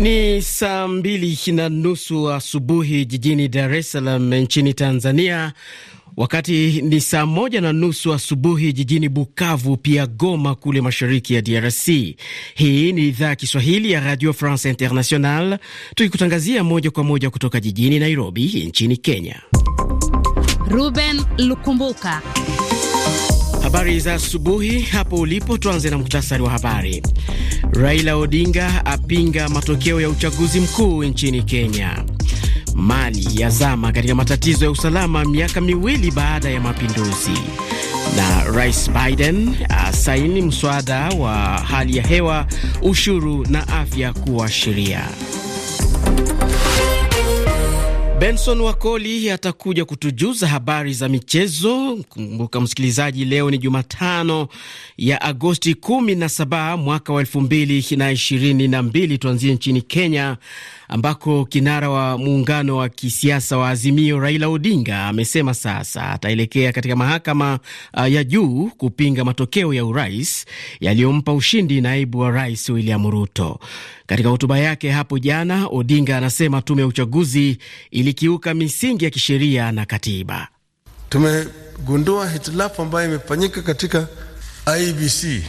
Ni saa mbili na nusu asubuhi jijini Dar es Salaam nchini Tanzania, wakati ni saa moja na nusu asubuhi jijini Bukavu, pia Goma kule mashariki ya DRC. Hii ni idhaa ya Kiswahili ya Radio France International, tukikutangazia moja kwa moja kutoka jijini Nairobi nchini Kenya. Ruben Lukumbuka Habari za asubuhi hapo ulipo. Tuanze na muktasari wa habari. Raila Odinga apinga matokeo ya uchaguzi mkuu nchini Kenya. Mali yazama katika matatizo ya usalama miaka miwili baada ya mapinduzi. Na Rais Biden asaini mswada wa hali ya hewa, ushuru na afya kuwa sheria. Benson Wakoli atakuja kutujuza habari za michezo. Kumbuka msikilizaji, leo ni Jumatano ya Agosti 17 mwaka wa 2022. Tuanzie nchini Kenya ambako kinara wa muungano wa kisiasa wa Azimio Raila Odinga amesema sasa ataelekea katika mahakama uh, ya juu kupinga matokeo ya urais yaliyompa ushindi naibu wa rais William Ruto. Katika hotuba yake hapo jana, Odinga anasema tume ya uchaguzi ilikiuka misingi ya kisheria na katiba. Tumegundua hitilafu ambayo imefanyika katika IBC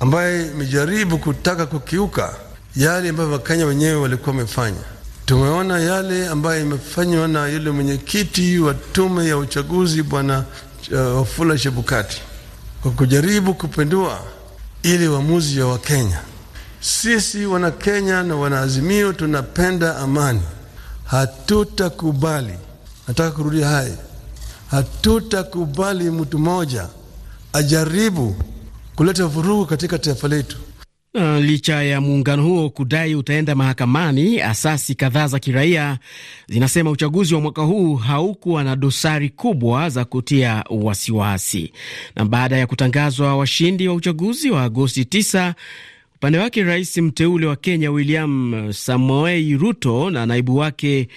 ambayo imejaribu kutaka kukiuka yale ambayo Wakenya wenyewe walikuwa wamefanya. Tumeona yale ambayo imefanywa na yule mwenyekiti wa tume ya uchaguzi Bwana uh, Wafula uh, kwa kujaribu kupindua ili uamuzi ya Wakenya. Sisi wana Kenya na wanaazimio tunapenda amani, hatutakubali. Nataka kurudia haya, hatutakubali mtu mmoja ajaribu kuleta vurugu katika taifa letu. Licha ya muungano huo kudai utaenda mahakamani, asasi kadhaa za kiraia zinasema uchaguzi wa mwaka huu haukuwa na dosari kubwa za kutia wasiwasi. Na baada ya kutangazwa washindi wa uchaguzi wa Agosti 9 Upande wake rais mteule wa Kenya William uh, Samoei Ruto na naibu wake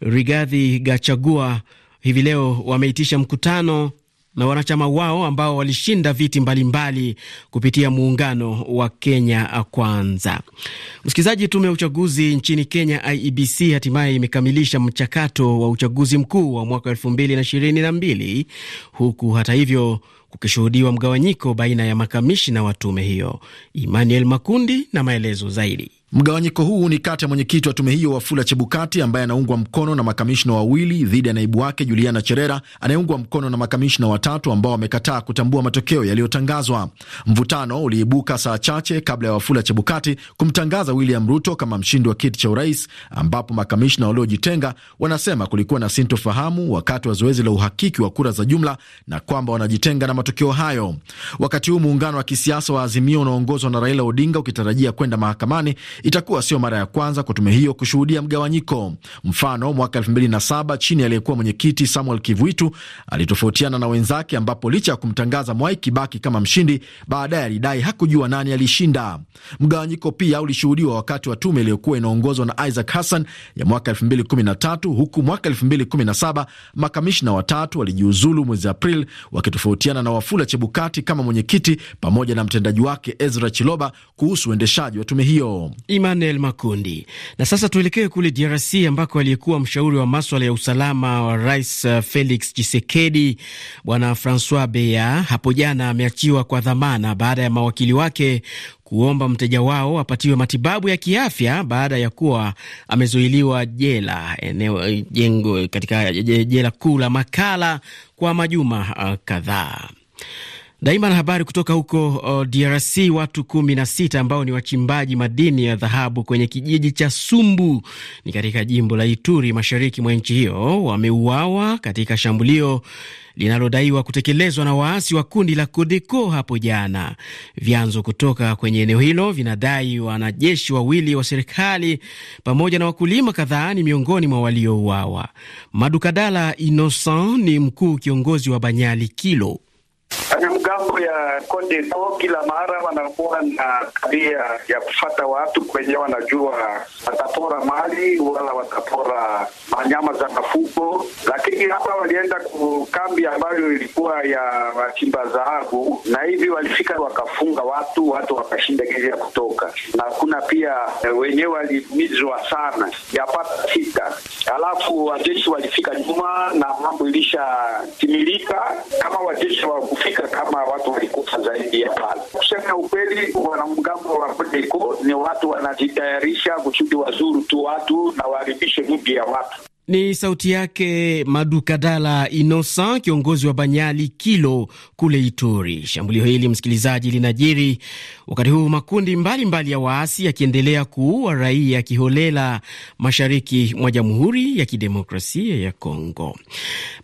Rigathi Gachagua hivi leo wameitisha mkutano na wanachama wao ambao walishinda viti mbalimbali mbali kupitia muungano wa Kenya Kwanza. Msikilizaji, tume ya uchaguzi nchini Kenya IEBC hatimaye imekamilisha mchakato wa uchaguzi mkuu wa mwaka elfu mbili na ishirini na mbili huku hata hivyo kukishuhudiwa mgawanyiko baina ya makamishina wa tume hiyo. Emmanuel Makundi na maelezo zaidi. Mgawanyiko huu ni kati ya mwenyekiti wa tume hiyo Wafula Chebukati ambaye anaungwa mkono na makamishna wawili dhidi ya naibu wake Juliana Cherera anayeungwa mkono na makamishna watatu ambao wamekataa kutambua matokeo yaliyotangazwa. Mvutano uliibuka saa chache kabla ya Wafula Chebukati kumtangaza William Ruto kama mshindi wa kiti cha urais, ambapo makamishna waliojitenga wanasema kulikuwa na sintofahamu wakati wa zoezi la uhakiki wa kura za jumla na kwamba wanajitenga na matokeo hayo, wakati huu muungano wa kisiasa wa Azimio unaoongozwa na Raila Odinga ukitarajia kwenda mahakamani Itakuwa sio mara ya kwanza kwa tume hiyo kushuhudia mgawanyiko. Mfano, mwaka 2007 chini aliyekuwa mwenyekiti Samuel Kivuitu alitofautiana na wenzake, ambapo licha ya kumtangaza Mwai Kibaki kama mshindi, baadaye alidai hakujua nani alishinda. Mgawanyiko pia ulishuhudiwa wakati wa tume iliyokuwa inaongozwa na Isaac Hassan ya mwaka 2013, huku mwaka 2017 makamishna watatu walijiuzulu mwezi Aprili wakitofautiana na Wafula Chebukati kama mwenyekiti pamoja na mtendaji wake Ezra Chiloba kuhusu uendeshaji wa tume hiyo. Emmanuel Makundi. Na sasa tuelekee kule DRC ambako aliyekuwa mshauri wa maswala ya usalama wa Rais uh, Felix Tshisekedi, Bwana Francois Beya, hapo jana ameachiwa kwa dhamana baada ya mawakili wake kuomba mteja wao apatiwe matibabu ya kiafya baada ya kuwa amezuiliwa jela eneo eh, jengo katika eh, jela kuu la Makala kwa majuma uh, kadhaa. Daima na habari kutoka huko o, DRC. Watu kumi na sita ambao ni wachimbaji madini ya dhahabu kwenye kijiji cha Sumbu ni katika jimbo la Ituri mashariki mwa nchi hiyo wameuawa katika shambulio linalodaiwa kutekelezwa na waasi wa kundi la Kodeko hapo jana. Vyanzo kutoka kwenye eneo hilo vinadai wanajeshi wawili wa serikali pamoja na wakulima kadhaa ni miongoni mwa waliouawa. Madukadala Innocent ni mkuu kiongozi wa Banyali Kilo wanamgambo ya CODECO kila mara wanakuwa na tabia ya kufata watu kwenye wanajua watapora mali wala watapora manyama za mafugo, lakini hapa walienda kukambi ambayo ilikuwa ya wachimba dhahabu, na hivi walifika wakafunga watu, watu wakashinda gezi ya kutoka, na kuna pia eh, wenyewe walimizwa sana yapata sita. Alafu wajeshi walifika nyuma na mambo ilishatimilika, kama wajeshi wakufika kama watu walikufa zaidi ya pale. Kusema ukweli, wanamgambo wa Kodeko ni watu wanajitayarisha kusudi wazuru tu watu na waharibishe mji ya watu. Ni sauti yake Madukadala Inosa, kiongozi wa Banyali Kilo kule Ituri. Shambulio hili msikilizaji, linajiri wakati huu makundi mbalimbali mbali ya waasi yakiendelea kuua raia kiholela mashariki mwa Jamhuri ya Kidemokrasia ya Kongo.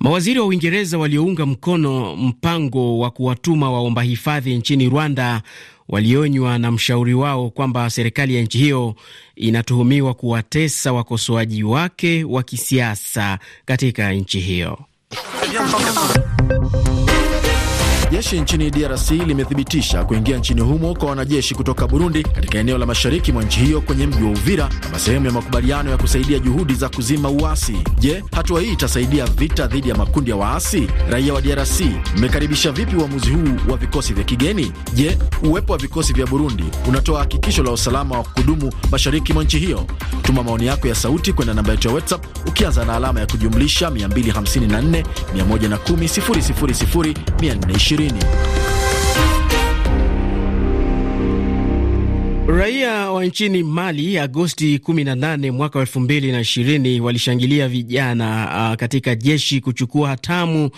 Mawaziri wa Uingereza waliounga mkono mpango wa kuwatuma waomba hifadhi nchini Rwanda walionywa na mshauri wao kwamba serikali ya nchi hiyo inatuhumiwa kuwatesa wakosoaji wake wa kisiasa katika nchi hiyo. Jeshi nchini DRC limethibitisha kuingia nchini humo kwa wanajeshi kutoka Burundi katika eneo la mashariki mwa nchi hiyo kwenye mji wa Uvira kama sehemu ya makubaliano ya kusaidia juhudi za kuzima uasi. Je, hatua hii itasaidia vita dhidi ya makundi ya waasi? Raia wa DRC, mmekaribisha vipi uamuzi huu wa vikosi vya kigeni? Je, uwepo wa vikosi vya Burundi unatoa hakikisho la usalama wa kudumu mashariki mwa nchi hiyo? Tuma maoni yako ya sauti kwenda namba yetu ya WhatsApp ukianza na alama ya kujumlisha 254 110 000 420 nini? Raia wa nchini Mali Agosti 18 mwaka 2020 walishangilia vijana a, ah, katika jeshi kuchukua hatamu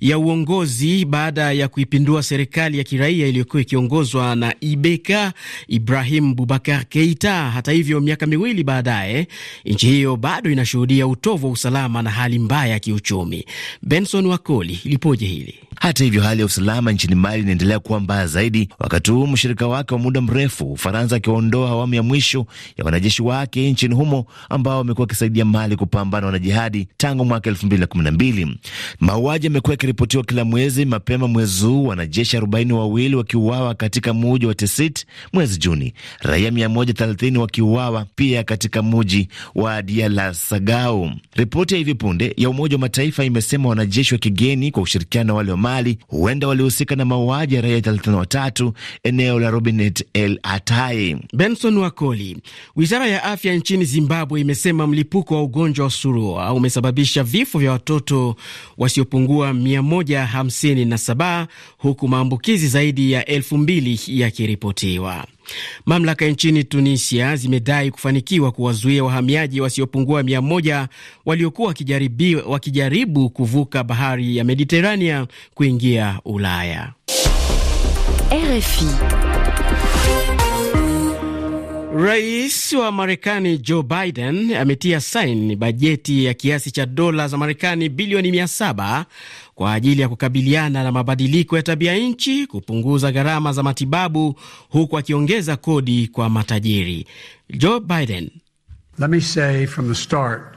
ya uongozi baada ya kuipindua serikali ya kiraia iliyokuwa ikiongozwa na Ibeka Ibrahim bubakar Keita. Hata hivyo, miaka miwili baadaye nchi hiyo bado inashuhudia utovu wa usalama na hali mbaya ya kiuchumi. Benson Wakoli, lipoje hili? Hata hivyo, hali ya usalama nchini Mali inaendelea kuwa mbaya zaidi, wakati huu mshirika wake wa muda mrefu Ufaransa akiwaondoa awamu ya mwisho ya wanajeshi wake nchini humo ambao wamekuwa wakisaidia Mali kupambana wanajihadi tangu mwaka mbili. Mauaji yamekuwa yakiripotiwa kila mwezi. Mapema mwezi huu wanajeshi arobaini wawili wakiuawa katika muji wa Tesit. Mwezi Juni raia thelathini wakiuawa pia katika muji wa Diala Sagao. Ripoti ya hivi punde ya Umoja wa Mataifa imesema wanajeshi wa kigeni kwa ushirikiano na wale wa Mali huenda walihusika na mauaji ya raia 33 eneo la Robinet El Atai. Benson Wakoli. Wizara ya afya nchini Zimbabwe imesema mlipuko wa ugonjwa wa surua umesababisha vifo vya watoto wasiopungua 157 huku maambukizi zaidi ya elfu mbili yakiripotiwa. Mamlaka nchini Tunisia zimedai kufanikiwa kuwazuia wahamiaji wasiopungua mia moja waliokuwa wakijaribu kuvuka bahari ya Mediterania kuingia Ulaya. RFI. Rais wa Marekani Joe Biden ametia saini bajeti ya kiasi cha dola za Marekani bilioni 700 kwa ajili ya kukabiliana na mabadiliko ya tabia nchi, kupunguza gharama za matibabu, huku akiongeza kodi kwa matajiri. Joe Biden: Let me say from the start.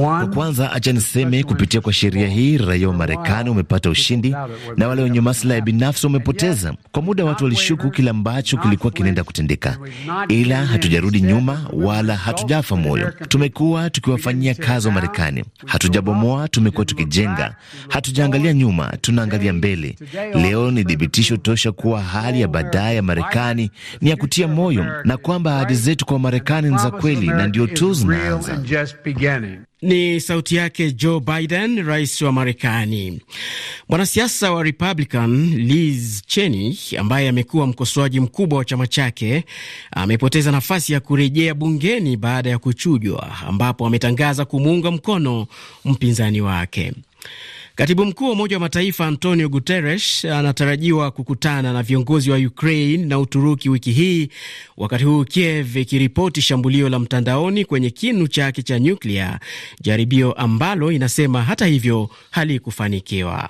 Kwa kwanza, acha niseme kupitia kwa sheria hii raia wa Marekani umepata ushindi na wale wenye maslahi binafsi wamepoteza. Kwa muda watu walishuku kile ambacho kilikuwa kinaenda kutendeka, ila hatujarudi nyuma wala hatujafa moyo. Tumekuwa tukiwafanyia kazi wa Marekani, hatujabomoa, tumekuwa tukijenga, hatujaangalia nyuma, tunaangalia mbele. Leo ni dhibitisho tosha kuwa hali ya baadaye ya Marekani ni ya kutia moyo na kwamba ahadi zetu kwa Marekani ni za kweli na ndio tuzna ni sauti yake Joe Biden, rais wa Marekani. Mwanasiasa wa Republican Liz Cheney, ambaye amekuwa mkosoaji mkubwa wa chama chake, amepoteza nafasi ya kurejea bungeni baada ya kuchujwa, ambapo ametangaza kumuunga mkono mpinzani wake. Katibu mkuu wa Umoja wa Mataifa Antonio Guterres anatarajiwa kukutana na viongozi wa Ukraine na Uturuki wiki hii, wakati huu Kiev ikiripoti shambulio la mtandaoni kwenye kinu chake cha nyuklia, jaribio ambalo inasema hata hivyo halikufanikiwa.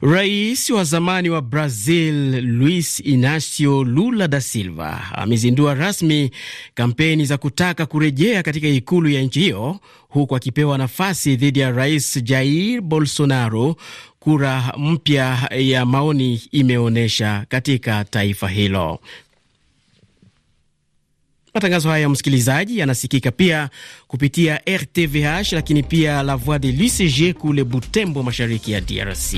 Rais wa zamani wa Brazil Luis Inacio Lula da Silva amezindua rasmi kampeni za kutaka kurejea katika ikulu ya nchi hiyo huku akipewa nafasi dhidi ya Rais Jair Bolsonaro, kura mpya ya maoni imeonyesha katika taifa hilo. Matangazo haya msikilizaji, yanasikika pia kupitia RTVH, lakini pia La Voix de l'UCG kule Butembo, mashariki ya DRC.